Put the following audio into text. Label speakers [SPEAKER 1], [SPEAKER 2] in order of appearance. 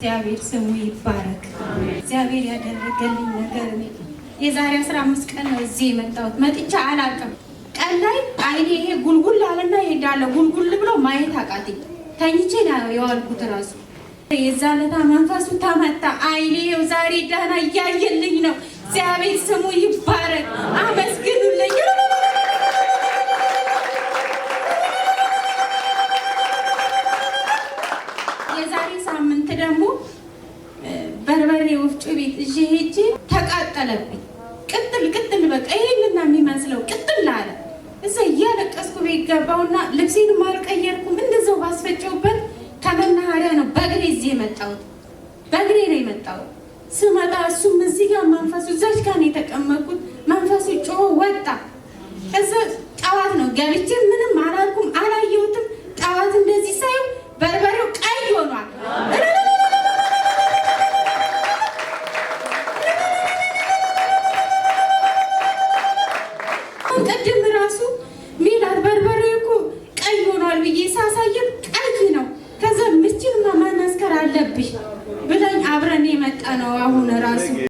[SPEAKER 1] እግዚአብሔር ስሙ ይባረክ። እግዚአብሔር ያደረገልኝ ነገር የዛሬ አስራ አምስት ቀን ነው እዚህ የመጣሁት። መጥቻ አላውቅም። ቀን ላይ አይኔ ይሄ ጉልጉል አለና ይሄዳለ ጉልጉል ብሎ ማየት አቃተኝ። ተኝቼ ነው የዋልኩት። ራሱ የዛ ለታ መንፈሱ ተመታ። አይኔ ዛሬ ደህና እያየልኝ ነው። እግዚአብሔር ስሙ ይባረክ። የዛሬ ሳምንት ደግሞ በርበሬ ወፍጮ ቤት እዤ ሄጄ ተቃጠለብኝ። ቅጥል ቅጥል በቃ ይህልና የሚመስለው ቅጥል አለ። እዛ እያለቀስኩ ቤት ገባሁና ልብሴን አልቀየርኩም። እንደዛው ባስፈጨውበት ከመናኸሪያ ነው በእግሬ እዚህ የመጣሁት። በእግሬ ነው የመጣሁት። ስመጣ እሱም እዚህ ጋር መንፈሱ እዛች ጋር ነው የተቀመጥኩት። መንፈሱ ጮሆ ወጣ። ቅድም ራሱ ሜላት በርበሬ እኮ ቀይ ሆኗል ብዬ ሳሳየም ቀይ ነው። ከዛ ምስኪን መመስከር አለብኝ ብለኝ አብረን የመጣ ነው አሁን ራሱ